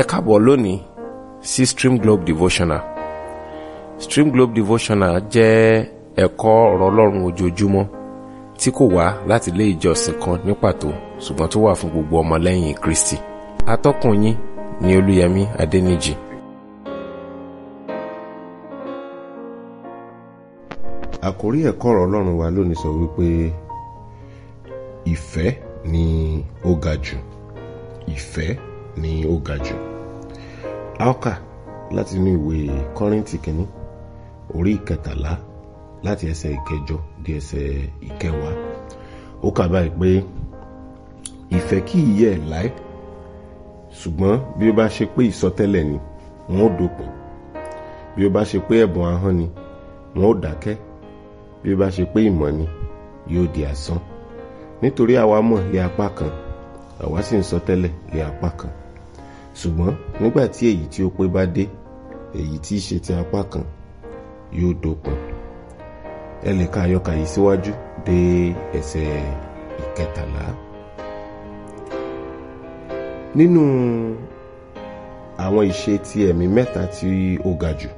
ẹ káàbọ̀ lónìí sí Stream Globe Devotional Stream Globe Devotional jẹ́ ẹ̀kọ́ ọ̀rọ̀ ọlọ́run ojoojúmọ́ tí kò wá láti ilé ìjọsìn kan ní pàtó ṣùgbọ́n tó wà fún gbogbo ọmọlẹ́yìn Kristi atọ́kùn yín ni Olúyẹmí Adẹ́nìjì. àkórí ẹ̀kọ́ ọ̀rọ̀ ọlọ́run wa lónìí sọ wípé ìfẹ́ ni ó ga jù ìfẹ́ ni ó ga jù aoka láti inú ìwé kọ́rìntì kìíní orí ìkẹtàlá láti ẹsẹ̀ ìkẹjọ di ẹsẹ̀ ìkẹwàá ó kà báyìí pé ìfẹ́ kì í yẹ̀ láé ṣùgbọ́n bí ó bá ṣe pé ìsọtẹ́lẹ̀ ni wọ́n ó dòpọ̀ bí ó bá ṣe pé ẹ̀bùn ahọ́n ni wọ́n ó dákẹ́ bí ó bá ṣe pé ìmọ̀ ni yóò di asán nítorí àwa mọ̀ lé apá kan àwa sì ń sọ lé apá kan ṣùgbọ́n nígbà tí èyí tí ó pé bá dé èyí tí í ṣe ti apá kan yóò dópin ẹ lè ka àyọkà yìí síwájú dé ẹsẹ̀ ìkẹtàlá nínú àwọn ìṣe ti ẹ̀mí mẹ́ta tí ó ga jù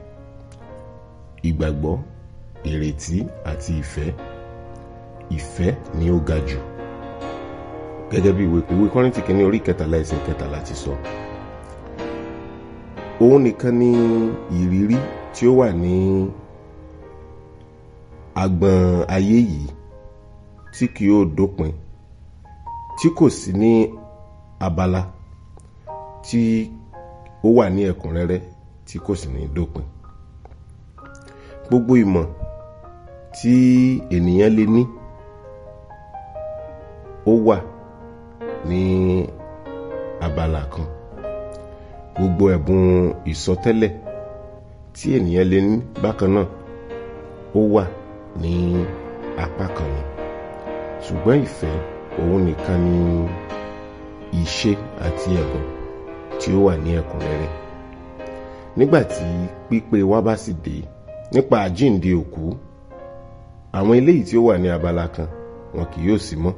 ìgbàgbọ́ ìrètí àti ìfẹ́ ìfẹ́ ni ó ga jù gẹ́gẹ́ bí ìwé Kọ́ríńtì kìíní orí kẹtàlá ẹsẹ̀ kẹtàlá ti sọ. So òun nìkan ni ìrírí tí ó wà ní agbọ̀n ayé yìí tí kì yóò dópin tí kò sí ní abala tí ó wà ní ẹ̀kúnrẹ́rẹ́ tí kò sì ní dópin gbogbo ìmọ̀ tí ènìyàn lè ní ó wà ní abala kan gbogbo ẹ̀bùn ìsọtẹ́lẹ̀ tí ènìyàn lè ní bákan náà ó wà ní apá kan ni ṣùgbọ́n ìfẹ́ òun nìkan ni ìṣe àti ẹ̀bùn tí ó wà ní ẹ̀kúnrẹ́rẹ́ nígbàtí pípé wa bá sì dé nípa àjíǹde òkú àwọn eléyìí tí ó wà ní abala kan wọn kì yóò sí mọ́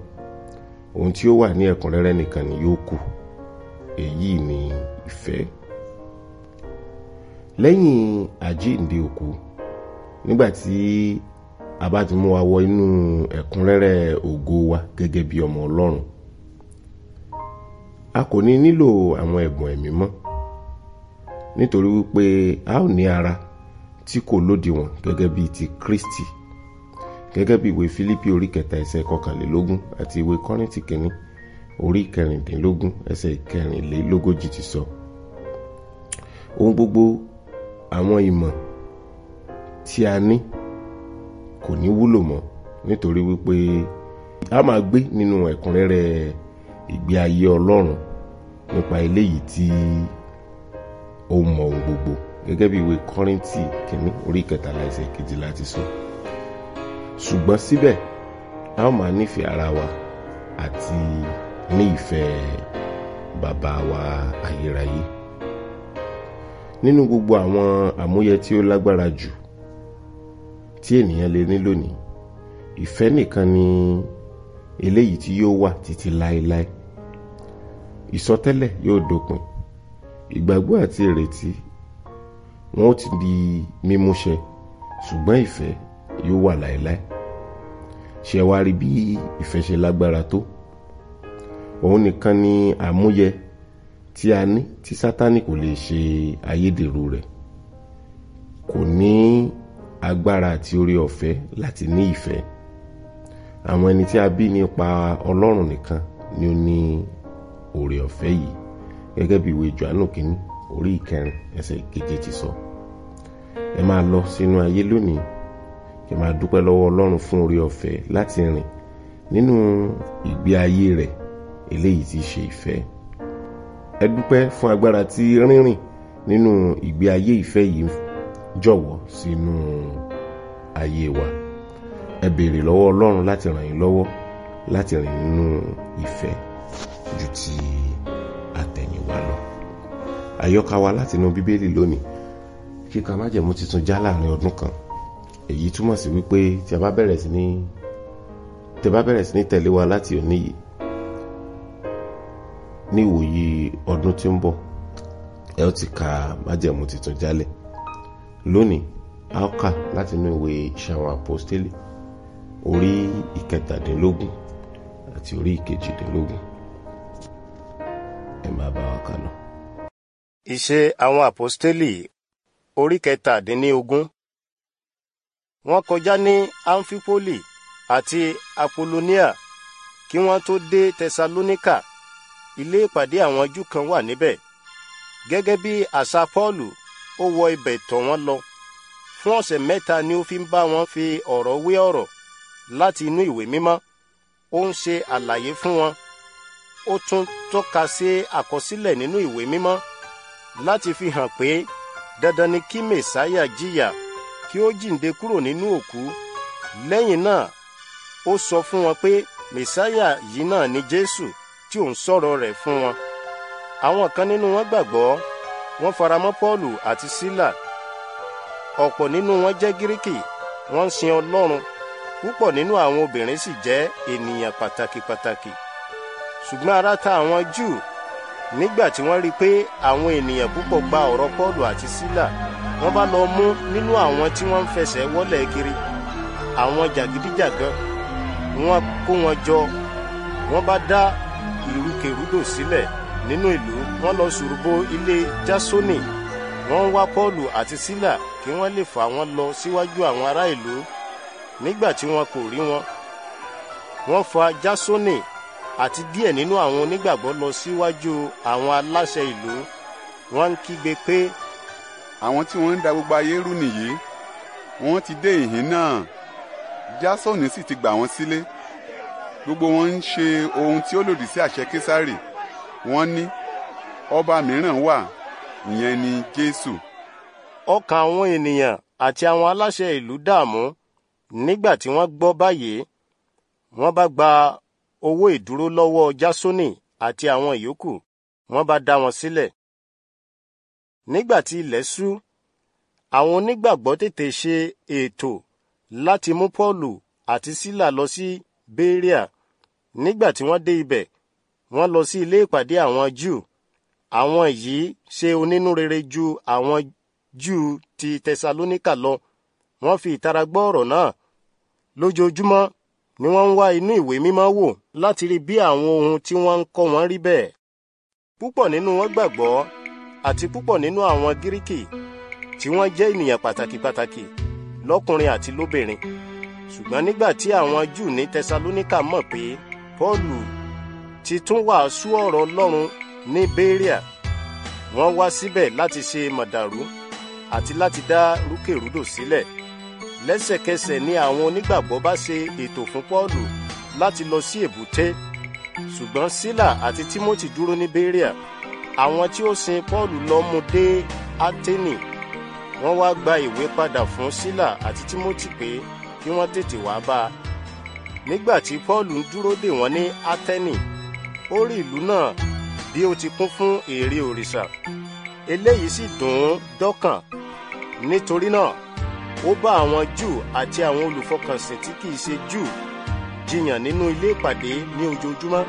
ohun tí ó wà ní ẹ̀kúnrẹ́rẹ́ nìkan ni yóò kù èyí ni. e ìfẹ́ lẹ́yìn àjíǹde òkú nígbà tí a bá ti mú wa wọ inú ẹ̀kúnrẹ́rẹ́ ògo wa gẹ́gẹ́ bí ọmọ Ọlọ́run a kò ní nílò àwọn ẹ̀bùn ẹ̀mí mọ́ nítorí wípé a ò ní ara tí kò lódiwọ̀n gẹ́gẹ́ bí ti Kristi gẹ́gẹ́ bí ìwé Fílípì orí kẹta ẹsẹ̀ kọkànlélógún àti ìwé Kọ́ríńtì kìíní orí kẹrìndínlógún ẹsẹ̀ kẹrìnlélógójì ti sọ ohun gbogbo àwọn ìmọ̀ tí a ní kò ní wúlò mọ́ nítorí wípé a máa gbé nínú ẹ̀kúnrẹ́rẹ́ ìgbé ayé Ọlọ́run nípa eléyìí tí ó mọ̀ ohun gbogbo gẹ́gẹ́ bí ìwé Kọ́ríńtì kìíní orí kẹtàlá ẹsẹ̀ kejìlá ti sọ ṣùgbọ́n síbẹ̀ a ó máa nífẹ̀ẹ́ ara wa àti ní ìfẹ́ bàbá wa ayérayé nínú gbogbo àwọn àmúyẹ tí ó lágbára jù tí ènìyàn lè ní lónìí ìfẹ́ nìkan ni eléyìí tí yóò wà títí láéláé ìsọtẹ́lẹ̀ yóò dópin ìgbàgbọ́ àti ìrètí wọn ó ti di mímúṣẹ ṣùgbọ́n ìfẹ́ yóò wà láéláé ṣe wá rí bí ìfẹ́ ṣe lágbára tó òun nìkan ni àmúyẹ tí a ní tí sátánì kò lè ṣe ayédèrú rẹ̀ kò ní agbára àti orí ọ̀fẹ́ láti ní ìfẹ́ àwọn ẹni tí a bí nípa ọlọ́run nìkan ni ó ní oore ọ̀fẹ́ yìí gẹ́gẹ́ bí ìwé Jòhánù kínní orí ìkẹrin ẹsẹ̀ keje ti sọ ẹ máa lọ sínú ayé lónìí kí máa dúpẹ́ lọ́wọ́ ọlọ́run fún oore ọ̀fẹ́ láti rìn nínú ìgbé ayé rẹ̀ eléyìí tí ṣe ìfẹ́ ẹ dúpẹ́ fún agbára tí rínrìn nínú ìgbé ayé ìfẹ́ yìí jọ̀wọ́ sínú ayé wa ẹ béèrè lọ́wọ́ Ọlọ́run láti ràn yín lọ́wọ́ láti rìn nínú ìfẹ́ ju ti àtẹ̀yìnwá lọ àyọkà wa látinú bíbélì lónìí kíka májẹ̀mú tuntun já láàrin ọdún kan èyí túmọ̀ sí wípé tí a bá bẹ̀rẹ̀ sí ní tẹ́ bá bẹ̀rẹ̀ sí ní tẹ̀lé wa láti òní yìí ní ìwòyí ọdún tí ń bọ̀ ẹ ó ti ka májẹ̀mú tuntun jálẹ̀ lónìí a ó kà láti inú ìwé iṣẹ́ àwọn àpọ́stélì orí ìkẹtàdínlógún àti orí ìkejìdínlógún ẹ máa bá wa kà lọ. ìṣe àwọn àpọ́stélì orí kẹtàdínlógún wọ́n kọjá ní amphipoli àti apollonia kí wọ́n tó dé tẹsalóníkà ilé ìpàdé àwọn Júù kan wà níbẹ̀ gẹ́gẹ́ bí àṣà Pọ́ọ̀lù ó wọ ibẹ̀ tọ̀ wọ́n lọ fún ọ̀sẹ̀ mẹ́ta ni ó fi ń bá wọn fi ọ̀rọ̀ wé ọ̀rọ̀ láti inú ìwé mímọ́ ó ń ṣe àlàyé fún wọn ó tún tọ́ka sí àkọsílẹ̀ nínú ìwé mímọ́ láti fi hàn pé dandan ni kí mẹ̀sáyà jìyà kí ó jíǹde kúrò nínú òkú lẹ́yìn náà ó sọ fún wọn pé mẹ̀sáyà yìí náà ni Jésù tí ò ń sọ̀rọ̀ rẹ̀ fún wọn. àwọn kan nínú wọn gbàgbọ́ wọ́n faramọ́ Pọ́ọ̀lù àti Sílà ọ̀pọ̀ nínú wọn jẹ́ gíríkì wọ́n ń sin Ọlọ́run púpọ̀ nínú àwọn obìnrin sì jẹ́ ènìyàn pàtàkì pàtàkì ṣùgbọ́n ara ta àwọn Júù nígbà tí wọ́n rí i pé àwọn ènìyàn púpọ̀ gba ọ̀rọ̀ Pọ́ọ̀lù àti Sílà wọ́n bá lọ mú nínú àwọn tí wọ́n ń fẹsẹ̀ wọlé kiri àwọn jàgídíjàgan wọ́n kó wọn jọ wọ́n bá dá ìrúkèrúdò sílẹ̀ nínú ìlú wọ́n lọ ṣùrùbọ ilé jásónì wọ́n wá pọ́ọ̀lù àti sílà kí wọ́n lè fà wọ́n lọ síwájú àwọn ará ìlú nígbà tí wọn kò rí wọn wọ́n fa jásónì àti díẹ̀ nínú àwọn onígbàgbọ́ lọ síwájú àwọn aláṣẹ ìlú wọ́n ń kígbe pé. àwọn tí wọ́n ń da gbogbo ayé rú nìyí wọ́n ti dé ìhín náà jásónì sì ti gbà wọ́n sílé. Si gbogbo wọn ń ṣe ohun tí ó lòdì sí àṣẹ késárì wọ́n ní ọba mìíràn wà ìyẹn ni jésù. ọkàn àwọn ènìyàn àti àwọn aláṣẹ ìlú dààmú nígbà tí wọ́n gbọ́ báyìí wọ́n bá gba owó ìdúró lọ́wọ́ jásónì àti àwọn ìyókù wọ́n bá dá wọn sílẹ̀. nígbà tí ilẹ̀ ṣú àwọn onígbàgbọ́ tètè ṣe ètò láti mú pọ́ọ̀lù àti sílà lọ sí béríà nígbà tí wọ́n dé ibẹ̀ wọ́n lọ sí ilé ìpàdé àwọn Júù àwọn yìí ṣe onínúrere ju àwọn Júù ti Tẹsalóníkà lọ wọ́n fi ìtara gbọ́ ọ̀rọ̀ náà lójoojúmọ́ ni wọ́n ń wá inú ìwé mímọ́ wò láti rí bí àwọn ohun tí wọ́n ń kọ́ wọn rí bẹ́ẹ̀ púpọ̀ nínú wọn gbàgbọ́ àti púpọ̀ nínú àwọn Gíríkì tí wọ́n jẹ́ ènìyàn pàtàkì pàtàkì lọ́kùnrin àti lóbìnrin ṣùgbọ́n nígbà tí àwọn Júù ní Tẹsalóníkà mọ̀ pé Paulu, ti tún wàásù ọ̀rọ̀ Ọlọ́run ní Béríà wọ́n wá síbẹ̀ láti ṣe màdàrú àti láti dá rúkèrúdò sílẹ̀ lẹ́sẹ̀kẹsẹ̀ ni àwọn onígbàgbọ́ bá ṣe ètò fún Pọ́ọ̀lù láti lọ sí èbúté ṣùgbọ́n Sílà àti Tímótì dúró ní Béríà àwọn tí ó sin Pọ́ọ̀lù lọ mú dé Áténì wọ́n wá gba ìwé padà fún Sílà àti Tímótì pé kí wọ́n tètè wá bá a nígbà tí paul ń dúró dè wọ́n ní atẹ́nì ó rí ìlú náà bí ó ti kún fún ère òrìṣà eléyìí sì dùn ún dọ́kàn nítorí náà ó bá àwọn júù àti àwọn olùfọkànsìn tí kìí ṣe júù jiyàn nínú ilé ìpàdé ní ojoojúmọ́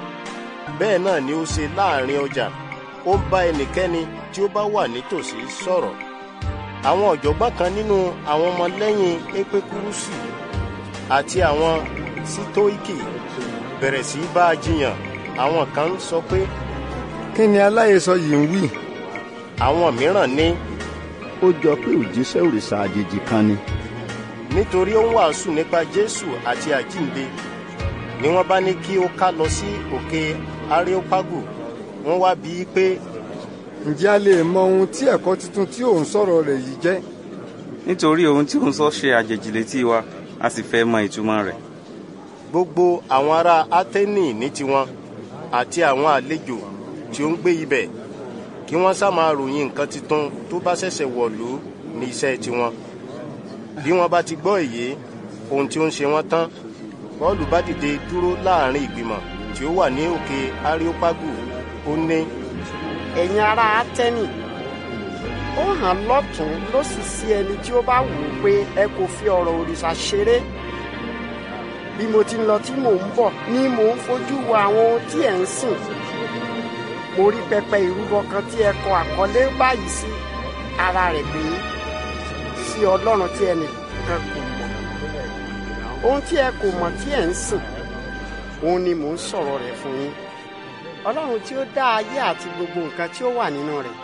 bẹ́ẹ̀ náà ni ó ṣe láàrin ọjà ó ń bá ẹnikẹ́ni tí ó bá wà nítòsí sọ̀rọ̀ àwọn ọ̀jọ̀gbọ́n kan nínú àwọn ọmọlẹ́yìn epekurusi àti àwọn sítóìkì bẹ̀rẹ̀ sí bá a jiyàn àwọn kan ń sọ pé. kí ni aláhesọ yìí ń wí. àwọn mìíràn ní. ó jọ pé òjíṣẹ́ òrìṣà àjèjì kan ni. nítorí ó ń wàásù nípa jésù àti àjínde ni wọ́n bá ní kí ó ká lọ sí òkè areopago wọ́n wá bí i pé. ǹjẹ́ a lè mọ ohun tí ẹ̀kọ́ tuntun tí ò ń sọ̀rọ̀ rẹ̀ yìí jẹ́. nítorí ohun tí ò ń sọ ṣe àjèjì létí wa a sì fẹ́ mọ ìtumọ̀ rẹ̀ gbogbo àwọn ará Áténì ní tiwọn àti àwọn àlejò tí ó ń gbé ibẹ̀ kí wọ́n sá máa ròyìn nǹkan titun tó bá ṣẹ̀ṣẹ̀ wọ̀lú ní iṣẹ́ tiwọn bí wọ́n bá ti gbọ́ èyí ohun tí ó ń ṣe wọ́n tán Pọ́ọ̀lù bá dìde dúró láàrin ìgbìmọ̀ tí ó wà ní òkè Areopagu ó ní. ẹ̀yin ará Áténì ó hàn lọ́tún ló sì sí ẹni tí ó bá wù ú pé ẹ kò fi ọ̀rọ̀ òrìṣà ṣeré bí mo ti ń lọ tí mò ń bọ̀ ni mò ń fojú wo àwọn ohun tí ẹ̀ ń sìn mo rí pẹpẹ ìrúbọ kan tí ẹ kọ àkọlé báyìí sí ara rẹ̀ pé sí ọlọ́run tí ẹnì kan kò mọ̀ ohun tí ẹ kò mọ̀ tí ẹ ń sìn òun ni mò ń sọ̀rọ̀ rẹ̀ fún yín ọlọ́run tí ó dá ayé àti gbogbo nǹkan tí ó wà nínú rẹ̀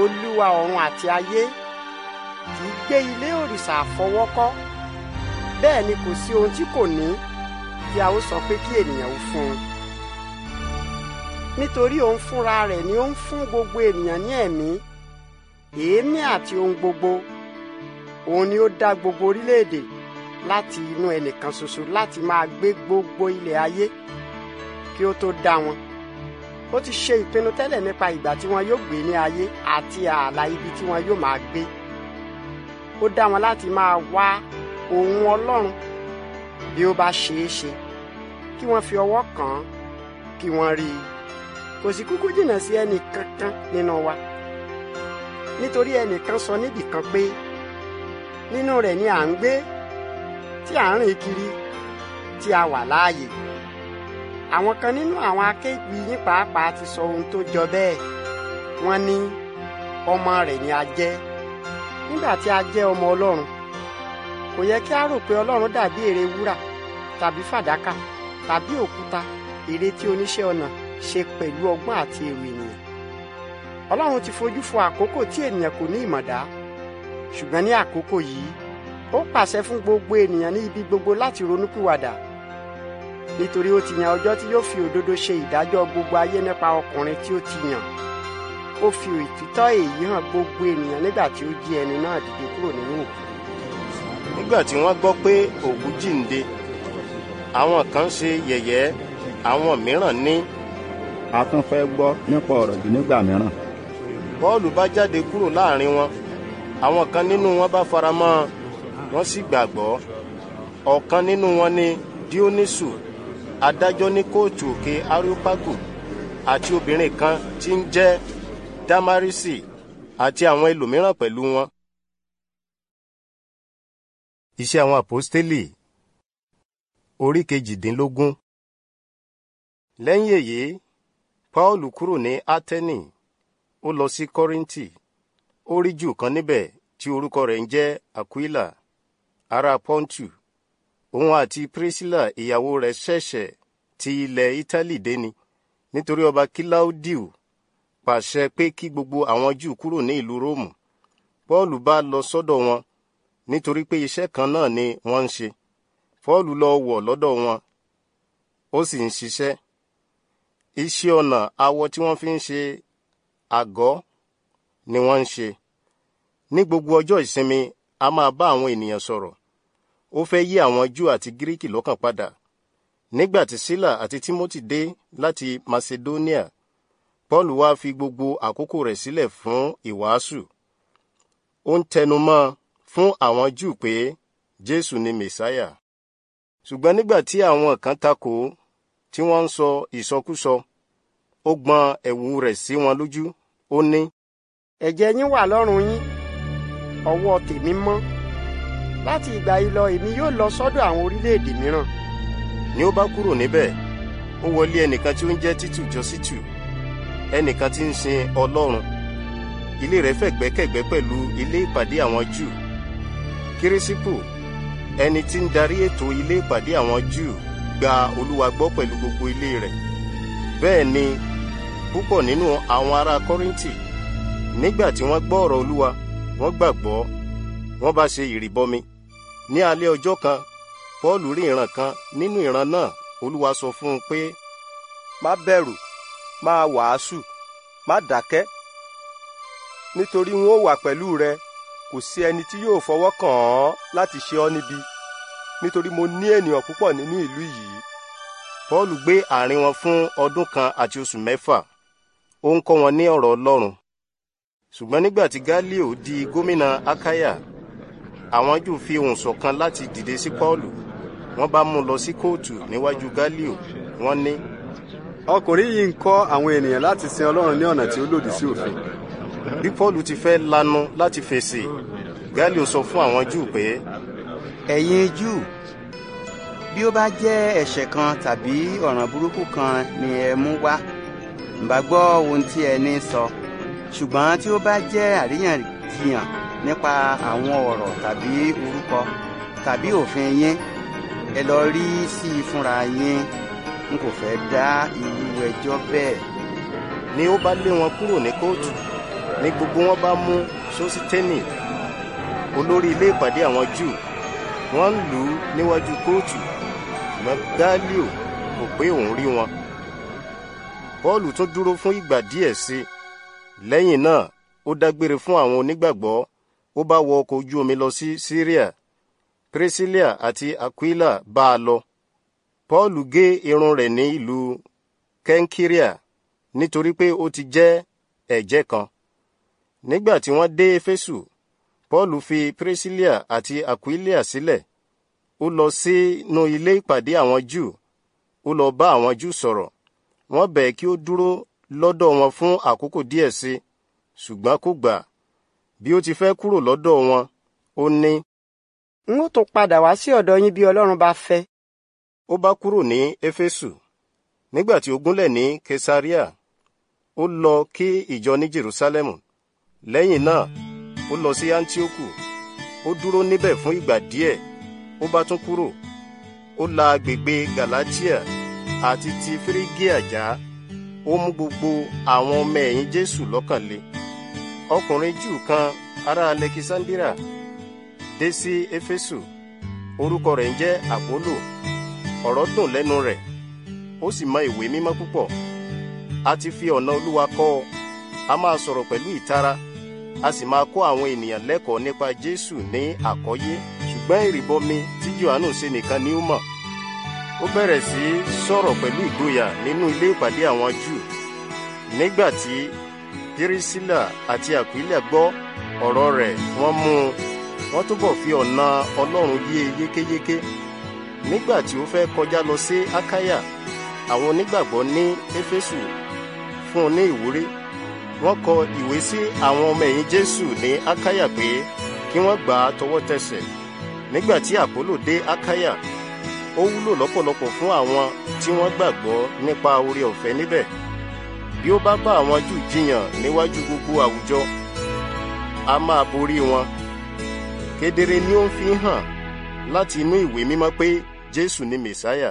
olúwa ọ̀run àti ayé kì í gbé ilé òrìṣà àfọwọ́kọ́ bẹ́ẹ̀ ni kò sí ohun tí kò ní tí a ó sọ pé kí ènìyàn ó fún un nítorí òun fúnra rẹ̀ ni ó ń fún gbogbo ènìyàn ní ẹ̀mí èémí àti ohun gbogbo òun ni ó dá gbogbo orílẹ̀-èdè láti inú ẹnìkan ṣoṣo láti máa gbé gbogbo ilẹ̀ ayé kí ó tó dá wọn ó ti ṣe ìpinnu tẹ́lẹ̀ nípa ìgbà tí wọn yóò gbé ní ayé àti ààlà ibi tí wọn yóò máa gbé ó dá wọn láti máa wá òun Ọlọ́run bí ó bá ṣeé ṣe kí wọ́n fi ọwọ́ kàn án kí wọ́n rí i kò sì kúkú jìnnà sí ẹnì kankan nínú wa nítorí ẹnìkan sọ níbì kan pé nínú rẹ̀ ni à ń gbé tí à ń rìn kiri tí a wà láàyè àwọn kan nínú àwọn akéwì yín pàápàá ti sọ ohun tó jọ bẹ́ẹ̀ wọ́n ní ọmọ rẹ̀ ni a jẹ́ nígbà tí a jẹ́ ọmọ Ọlọ́run kò yẹ kí a rò pé ọlọ́run dàbí ère wúrà tàbí fàdákà tàbí òkúta ère tí oníṣẹ́ ọnà ṣe pẹ̀lú ọgbọ́n àti èrò ènìyàn ọlọ́run ti fojú fo àkókò tí ènìyàn kò ní ìmọ̀dá ṣùgbọ́n ní àkókò yìí ó pàṣẹ fún gbogbo ènìyàn ní ibi gbogbo láti ronúpìwàdà nítorí ó ti yan ọjọ́ tí yóò fi òdodo ṣe ìdájọ́ gbogbo ayé nípa ọkùnrin tí ó ti yàn ó fi òtítọ́ èyí hàn gbogbo ènìyàn nígbà tí ó jí ẹni náà dìde kúrò nínú òkú nígbà tí wọ́n gbọ́ pé òkú jíǹde àwọn kan ṣe yẹ̀yẹ́ àwọn mìíràn ní. a tún fẹ́ gbọ́ nípa ọ̀rọ̀ yìí nígbà mìíràn. Pọ́ọ̀lù bá jáde kúrò láàrin wọn àwọn kan nínú wọn bá faramọ́ wọn sì gbàgbọ́ ọ̀kan nínú wọn ni Dionisu adájọ́ ní kóòtù òkè Areopago àti obìnrin kan tí ń jẹ́ Damarisi àti àwọn ẹlòmíràn pẹ̀lú wọn Iṣẹ́ àwọn àpọ́stélì orí kejìdínlógún. Lẹ́yìn èyí, Paulu kúrò ní Átẹ́nì, ó lọ sí Kọ́ríńtì. Ó rí Júù kan níbẹ̀ tí orúkọ rẹ̀ ń jẹ́ Aquila, ará Pọ́ntù. Òun àti Priscilla ìyàwó rẹ̀ ṣẹ̀ṣẹ̀ ti ilẹ̀ Ítálì dé ni, nítorí ọba Kíláúdíù pàṣẹ pé kí gbogbo àwọn Júù kúrò ní ìlú Róòmù. Paulu bá lọ sọ́dọ̀ wọn nítorí pé iṣẹ́ kan náà ni wọ́n ń ṣe Pọ́ọ̀lù lọ wọ̀ lọ́dọ̀ wọn ó sì ń ṣiṣẹ́ iṣẹ́ ọnà awọ tí wọ́n fi ń ṣe àgọ́ ni wọ́n ń ṣe ní gbogbo ọjọ́ ìsinmi a máa bá àwọn ènìyàn sọ̀rọ̀ ó fẹ́ yí àwọn Júù àti Gíríkì lọ́kàn padà nígbà tí Sílà àti Tímótì dé láti Macedonia Paul wá fi gbogbo àkókò rẹ̀ sílẹ̀ fún ìwàásù ó ń tẹnu mọ́ fún àwọn Júù pé Jésù ni Mèsáyà. Ṣùgbọ́n nígbà tí àwọn kan takò tí wọ́n ń sọ ìsọkúsọ, ó gbọ́n ẹ̀wù rẹ̀ sí wọn lójú, ó ní. Ẹ̀jẹ̀ yín wà lọ́rùn yín, ọwọ́ tèmi mọ́. Láti ìgbà yìí lọ èmi yóò lọ sọ́dọ̀ àwọn orílẹ̀-èdè mìíràn. Ni ó bá kúrò níbẹ̀, ó wọlé ẹnìkan tí ó ń jẹ́ Títù Jọ́sítù, ẹnìkan tí ń sin Ọlọ́run. Ilé rẹ̀ fẹ̀gbẹ́kẹ̀gbẹ́ pẹ̀lú ilé ìpàdé àwọn Júù kírísípù ẹni tí ń darí ètò ilé ìpàdé àwọn júù gba olúwa gbọ́ pẹ̀lú gbogbo ilé rẹ̀ bẹ́ẹ̀ ni púpọ̀ nínú àwọn ará kọ́rìntì nígbà tí wọ́n gbọ́ ọ̀rọ̀ olúwa wọ́n gbàgbọ́ wọ́n bá ṣe ìrìbọmi ní alẹ́ ọjọ́ kan paul rí ìran kan nínú ìran náà olúwa sọ fún un pé má bẹ̀rù máa wàásù má dákẹ́ nítorí wọn ó wà pẹ̀lú rẹ kò sí ẹni tí yóò fọwọ́ kàn án láti ṣe ọ́ níbi nítorí mo ní ènìyàn púpọ̀ nínú ìlú yìí. paul gbé àárín wọn fún ọdún kan àti oṣù mẹ́fà ó ń kọ́ wọn ní ọ̀rọ̀ ọlọ́run ṣùgbọ́n nígbà tí galileo di gómìnà akaya àwọn jù fi ohùn ṣọ̀kan láti dìde sí paul wọ́n bá mú un lọ sí kóòtù níwájú galileo wọ́n ní. ọkùnrin yìí ń kọ́ àwọn ènìyàn láti sin ọlọ́run ní ọ̀nà tí ó lòdì sí òfin bí paul ti fẹ́ lanu láti fèsì galio sọ fún àwọn júù pé. ẹ̀yin júù bí ó bá jẹ́ ẹ̀ṣẹ̀ kan tàbí ọ̀ràn burúkú kan ni ẹ mú wá ǹbá gbọ́ ohun tí ẹ ní sọ ṣùgbọ́n tí ó bá jẹ́ àríyànjiyàn nípa àwọn ọ̀rọ̀ tàbí orúkọ tàbí òfin yín ẹ lọ rí sí i fúnra yín n kò fẹ́ dá irú ẹjọ́ bẹ́ẹ̀. ni ó bá lé wọn kúrò ní kóòtù ní gbogbo wọn bá mú sositeni olórí ilé ìpàdé àwọn júù wọ́n ń lù ú níwájú kóòtù ṣùgbọ́n kò pé òun rí wọn paul tún dúró fún ìgbà díẹ̀ sí i lẹ́yìn náà ó dágbére fún àwọn onígbàgbọ́ ó bá wọ ọkọ̀ ojú omi lọ sí syria priscilla àti aquila bá a lọ paul gé irun rẹ̀ ní ìlú kenkiria nítorí pé ó ti jẹ́ ẹ̀jẹ́ kan nígbà tí wọ́n dé éfésù paul fi priscilla àti aquila sílẹ̀ ó lọ sínú ilé ìpàdé àwọn júù ó lọ bá àwọn júù sọ̀rọ̀ wọ́n bẹ̀ kí ó dúró lọ́dọ̀ wọn fún àkókò díẹ̀ sí ṣùgbọ́n kò gbà bí ó ti fẹ́ kúrò lọ́dọ̀ wọn ó ní. n ó tún padà wá sí ọ̀dọ̀ yín bí ọlọ́run bá fẹ́. ó bá kúrò ní éfésù nígbà tí ó gúnlẹ̀ ní kesaria ó lọ kí ìjọ ní jerúsálẹ́mù lẹ́yìn náà ó lọ sí antioku ó dúró níbẹ̀ fún ìgbà díẹ̀ ó bá tún kúrò ó la agbègbè galatia àti ti firigia já ó mú gbogbo àwọn ọmọ ẹ̀yìn jésù lọ́kànlé ọkùnrin júù kan ará alexandria dé sí éfésù orúkọ rẹ̀ ń jẹ́ àpólò ọ̀rọ̀ dùn lẹ́nu rẹ̀ ó sì mọ ìwé mímọ́ púpọ̀ a ti fi ọ̀nà olúwa kọ́ ọ a máa sọ̀rọ̀ pẹ̀lú ìtara a sì máa kọ́ àwọn ènìyàn lẹ́kọ̀ọ́ nípa Jésù ní àkọ́yé ṣùgbọ́n ìrìbọmi tí Jòhánù ṣe nìkan ni ó mọ̀ ó bẹ̀rẹ̀ sí í sọ̀rọ̀ pẹ̀lú ìgboyà nínú ilé ìpàdé àwọn Júù nígbà tí Pírísílà àti Àkúílà gbọ́ ọ̀rọ̀ rẹ̀ wọ́n mú un wọ́n túbọ̀ fi ọ̀nà Ọlọ́run yé e yékéyéké nígbà tí ó fẹ́ kọjá lọ sí Ákáyà àwọn onígbàgbọ́ ní Éfésù fún un ní ìwúrí wọ́n kọ ìwé sí àwọn ọmọ ẹ̀yìn jésù ní akaya pé kí wọ́n gbà á tọwọ́ tẹsẹ̀ nígbà tí àpólò dé akaya ó wúlò lọ́pọ̀lọpọ̀ fún àwọn tí wọ́n gbàgbọ́ nípa oore ọ̀fẹ́ níbẹ̀ bí ó bá bá àwọn jù jiyàn níwájú gbogbo àwùjọ a máa borí wọn kedere ni ó ń fi hàn láti inú ìwé mímọ́ pé jésù ni mèsáyà